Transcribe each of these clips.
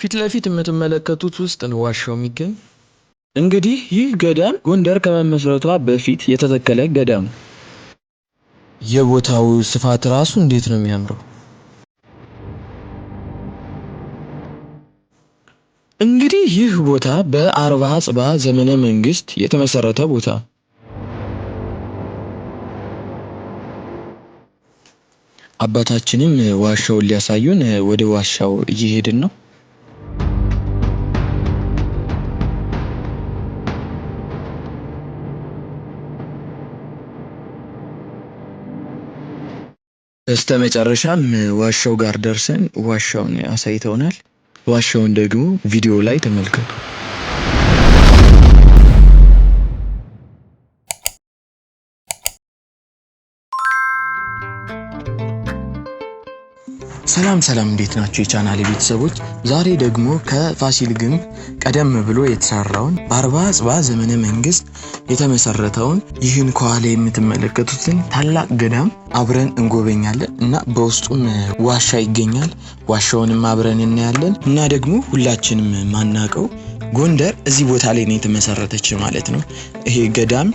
ፊት ለፊት የምትመለከቱት ውስጥ ነው ዋሻው የሚገኝ። እንግዲህ ይህ ገዳም ጎንደር ከመመስረቷ በፊት የተተከለ ገዳም ነው። የቦታው ስፋት ራሱ እንዴት ነው የሚያምረው! እንግዲህ ይህ ቦታ በአርባ ጽባ ዘመነ መንግስት የተመሰረተ ቦታ አባታችንም ዋሻውን ሊያሳዩን ወደ ዋሻው እየሄድን ነው። በስተመጨረሻም ዋሻው ጋር ደርሰን ዋሻውን አሳይተውናል። ዋሻውን ደግሞ ቪዲዮ ላይ ተመልከቱ። ሰላም ሰላም፣ እንዴት ናቸው የቻናል ቤተሰቦች? ዛሬ ደግሞ ከፋሲል ግንብ ቀደም ብሎ የተሰራውን በአርባ ጽባ ዘመነ መንግስት የተመሰረተውን ይህን ከኋላ የምትመለከቱትን ታላቅ ገዳም አብረን እንጎበኛለን እና በውስጡም ዋሻ ይገኛል። ዋሻውንም አብረን እናያለን እና ደግሞ ሁላችንም ማናቀው ጎንደር እዚህ ቦታ ላይ ነው የተመሰረተች ማለት ነው። ይሄ ገዳም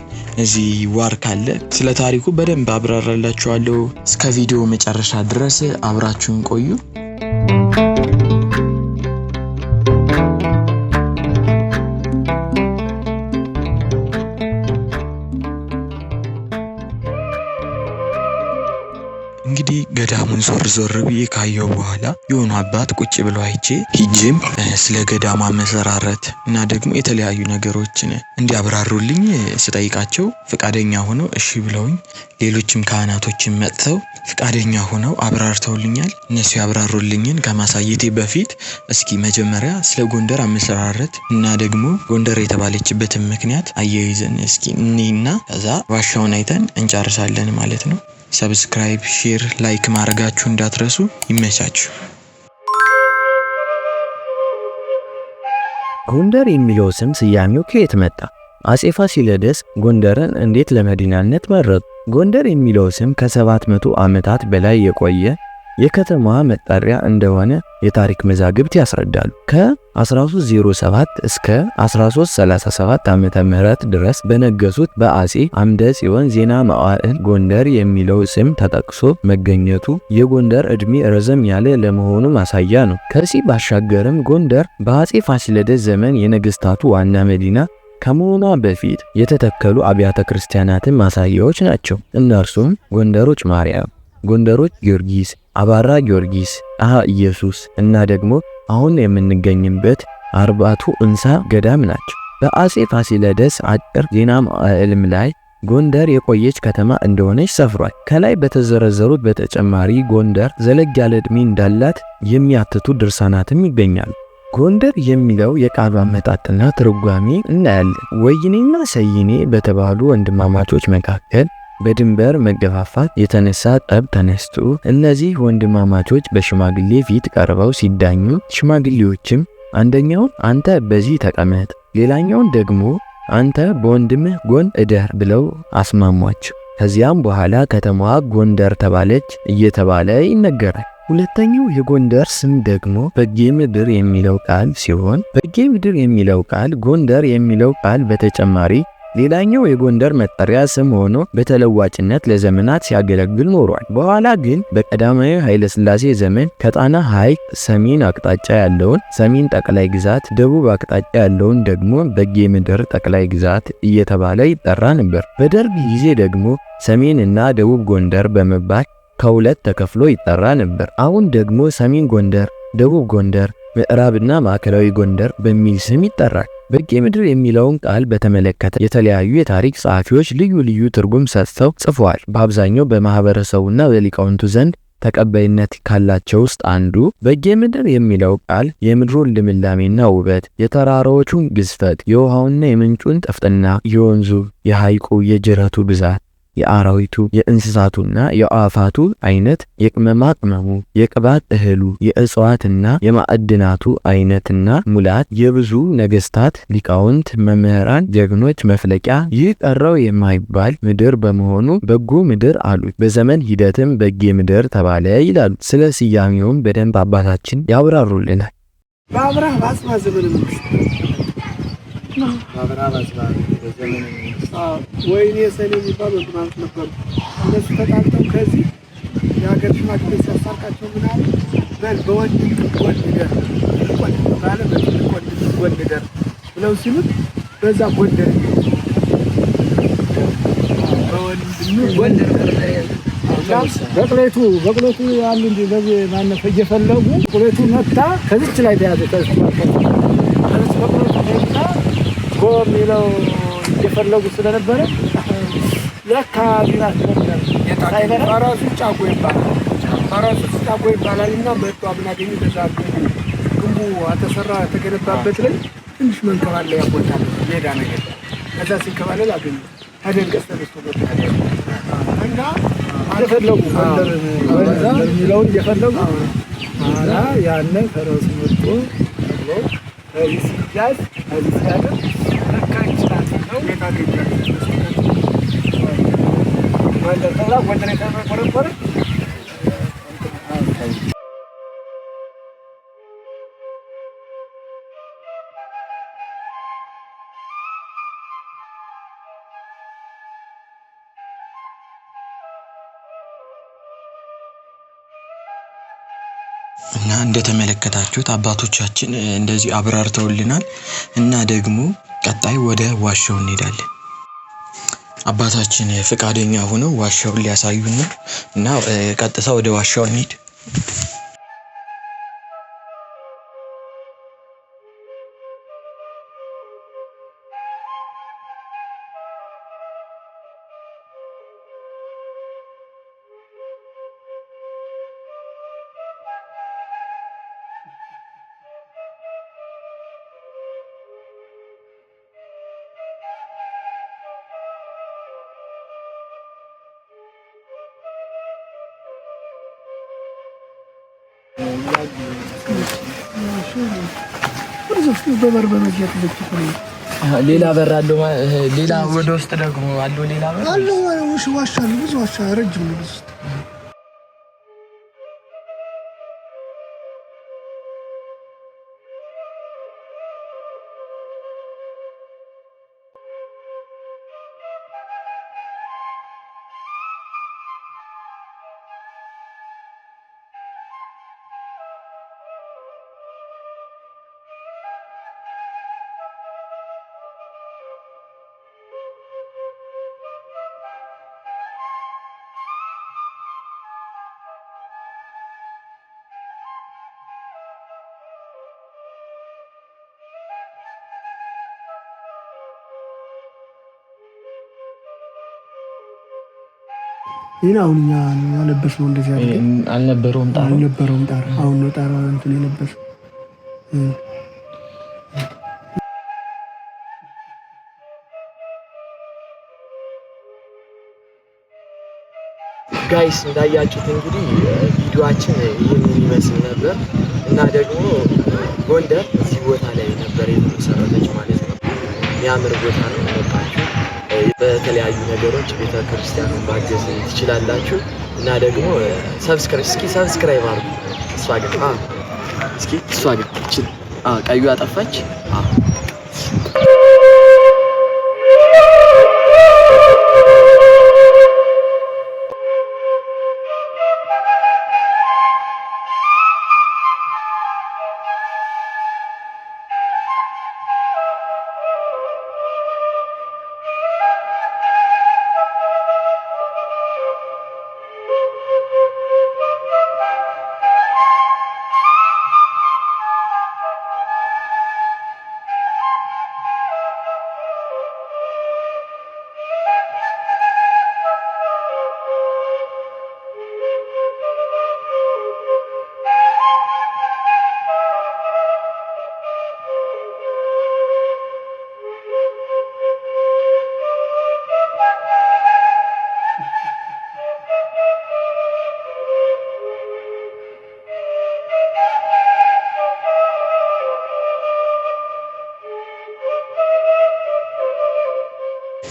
እዚህ ዋርካ አለ። ስለ ታሪኩ በደንብ አብራራላችኋለሁ። እስከ ቪዲዮ መጨረሻ ድረስ አብራችሁን ቆዩ። ዞር ዞር ብዬ ካየው በኋላ የሆኑ አባት ቁጭ ብለው አይቼ ሂጄም ስለ ገዳማ መሰራረት እና ደግሞ የተለያዩ ነገሮችን እንዲያብራሩልኝ ስጠይቃቸው ፍቃደኛ ሆነው እሺ ብለውኝ ሌሎችም ካህናቶችን መጥተው ፍቃደኛ ሆነው አብራርተውልኛል። እነሱ ያብራሩልኝን ከማሳየቴ በፊት እስኪ መጀመሪያ ስለ ጎንደር አመሰራረት እና ደግሞ ጎንደር የተባለችበትን ምክንያት አያይዘን እስኪ እኔና ከዛ ዋሻውን አይተን እንጨርሳለን ማለት ነው። ሰብስክራይብ፣ ሼር፣ ላይክ ማድረጋችሁ እንዳትረሱ። ይመቻችሁ። ጎንደር የሚለው ስም ስያሜው ከየት መጣ? አጼ ፋሲለደስ ጎንደርን እንዴት ለመዲናነት መረጡ? ጎንደር የሚለው ስም ከሰባት መቶ ዓመታት በላይ የቆየ የከተማዋ መጠሪያ እንደሆነ የታሪክ መዛግብት ያስረዳሉ። ከ1307 እስከ 1337 ዓመተ ምህረት ድረስ በነገሱት በአጼ አምደ ጽዮን ዜና መዋዕል ጎንደር የሚለው ስም ተጠቅሶ መገኘቱ የጎንደር ዕድሜ ረዘም ያለ ለመሆኑ ማሳያ ነው። ከዚህ ባሻገርም ጎንደር በአጼ ፋሲለደስ ዘመን የነገስታቱ ዋና መዲና ከመሆኗ በፊት የተተከሉ አብያተ ክርስቲያናትን ማሳያዎች ናቸው። እነርሱም ጎንደሮች ማርያም ጎንደሮች ጊዮርጊስ፣ አባራ ጊዮርጊስ፣ አሃ ኢየሱስ እና ደግሞ አሁን የምንገኝበት አርባቱ እንሳ ገዳም ናቸው። በአጼ ፋሲለደስ አጭር ዜና መዋዕልም ላይ ጎንደር የቆየች ከተማ እንደሆነች ሰፍሯል። ከላይ በተዘረዘሩት በተጨማሪ ጎንደር ዘለግ ያለ ዕድሜ እንዳላት የሚያትቱ ድርሳናትም ይገኛሉ። ጎንደር የሚለው የቃሉ አመጣጥና ትርጓሜ እናያለን። ወይኔና ሰይኔ በተባሉ ወንድማማቾች መካከል በድንበር መገፋፋት የተነሳ ጠብ ተነስቶ እነዚህ ወንድማማቾች በሽማግሌ ፊት ቀርበው ሲዳኙ ሽማግሌዎችም አንደኛውን አንተ በዚህ ተቀመጥ፣ ሌላኛውን ደግሞ አንተ በወንድምህ ጎን እደር ብለው አስማሟቸው። ከዚያም በኋላ ከተማዋ ጎንደር ተባለች እየተባለ ይነገራል። ሁለተኛው የጎንደር ስም ደግሞ በጌ ምድር የሚለው ቃል ሲሆን በጌ ምድር የሚለው ቃል ጎንደር የሚለው ቃል በተጨማሪ ሌላኛው የጎንደር መጠሪያ ስም ሆኖ በተለዋጭነት ለዘመናት ሲያገለግል ኖሯል። በኋላ ግን በቀዳማዊ ኃይለሥላሴ ዘመን ከጣና ሐይቅ ሰሜን አቅጣጫ ያለውን ሰሜን ጠቅላይ ግዛት፣ ደቡብ አቅጣጫ ያለውን ደግሞ በጌ ምድር ጠቅላይ ግዛት እየተባለ ይጠራ ነበር። በደርግ ጊዜ ደግሞ ሰሜን እና ደቡብ ጎንደር በመባል ከሁለት ተከፍሎ ይጠራ ነበር። አሁን ደግሞ ሰሜን ጎንደር፣ ደቡብ ጎንደር፣ ምዕራብና ማዕከላዊ ጎንደር በሚል ስም ይጠራል። በጌ ምድር የሚለውን ቃል በተመለከተ የተለያዩ የታሪክ ጸሐፊዎች ልዩ ልዩ ትርጉም ሰጥተው ጽፏል። በአብዛኛው በማህበረሰቡና በሊቃውንቱ ዘንድ ተቀባይነት ካላቸው ውስጥ አንዱ በጌ ምድር የሚለው ቃል የምድሩን ልምላሜና ውበት፣ የተራራዎቹን ግዝፈት፣ የውሃውና የምንጩን ጠፍጥና የወንዙ የሐይቁ የጅረቱ ብዛት የአራዊቱ የእንስሳቱና የአፋቱ አይነት፣ የቅመማ ቅመሙ፣ የቅባት እህሉ፣ የእጽዋትና የማዕድናቱ አይነትና ሙላት የብዙ ነገስታት፣ ሊቃውንት፣ መምህራን፣ ጀግኖች መፍለቂያ ይህ ቀረው የማይባል ምድር በመሆኑ በጎ ምድር አሉት። በዘመን ሂደትም በጌ ምድር ተባለ ይላሉ። ስለ ስያሜውም በደንብ አባታችን ያብራሩልናል። በአብርሃ በአጽማ ዘመነ መንግስት ወይኔ ሰሌ የሚባሉ ወንድማማች ነበሩ። እነሱ ተጣልተው ከዚህ የሀገር ሽማግሌ ሲያሳርቃቸው ምናምን በል በወንድ ጎንደር ባለ ጎንደር ብለው ሲሉት በዛ ጎንደር በቅሌቱ በቅሌቱ ያሉ እንዲ በዚህ ማነፍ እየፈለጉ ቅሌቱ መታ ከዚች ላይ ተያዘ ከዚች በቅሌቱ እኮ የሚለው እየፈለጉ ስለነበረ ለካ ቢራት ነበር ሳይበላ ጫጎ ይባላል። ራሱ ጫጎ ይባላል እና መጡ ምናገኙ በዛ ግንቡ አተሰራ ተገነባበት ላይ ትንሽ መንከባለ ያቦታል ሜዳ ነገር ከዛ ሲንከባለል አገኙ አደንቀስ ተነስቶ እና እየፈለጉ የሚለውን እየፈለጉ ያንን ፈረሱ መጥቶ ሲያዝ ሲያደር እና እንደተመለከታችሁት አባቶቻችን እንደዚህ አብራርተውልናል እና ደግሞ ቀጣይ ወደ ዋሻው እንሄዳለን። አባታችን ፍቃደኛ ሆነው ዋሻውን ሊያሳዩን ነው እና ቀጥታ ወደ ዋሻው እንሂድ። ሌላ በር አለው። ሌላ ወደ ውስጥ ደግሞ አለው። ሌላ በር አለው። ዋሻ አለው። ብዙ ዋሻ ረጅም ነው። ይህን አሁን እኛ አለበስ ነው እንደዚህ አልነበረውም ጣራ አልነበረውም ጣር አሁን ነው ጣራ እንትን የለበስ ጋይስ እንዳያችሁት እንግዲህ ቪዲዮችን ይህን ይመስል ነበር እና ደግሞ ጎንደር እዚህ ቦታ ላይ ነበር የተመሰረተች ማለት ነው። የሚያምር ቦታ ነው። በተለያዩ ነገሮች ቤተ ክርስቲያኑን ማገዝ ትችላላችሁ እና ደግሞ ሰብስክራይብ እስኪ ሰብስክራይብ አድርጉ። እሷ ግን እስኪ እሷ ግን ቀዩ አጠፋች።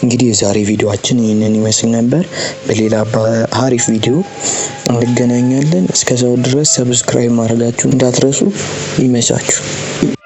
እንግዲህ የዛሬ ቪዲዮአችን ይህንን ይመስል ነበር። በሌላ አሪፍ ቪዲዮ እንገናኛለን። እስከዛው ድረስ ሰብስክራይብ ማድረጋችሁ እንዳትረሱ። ይመቻችሁ።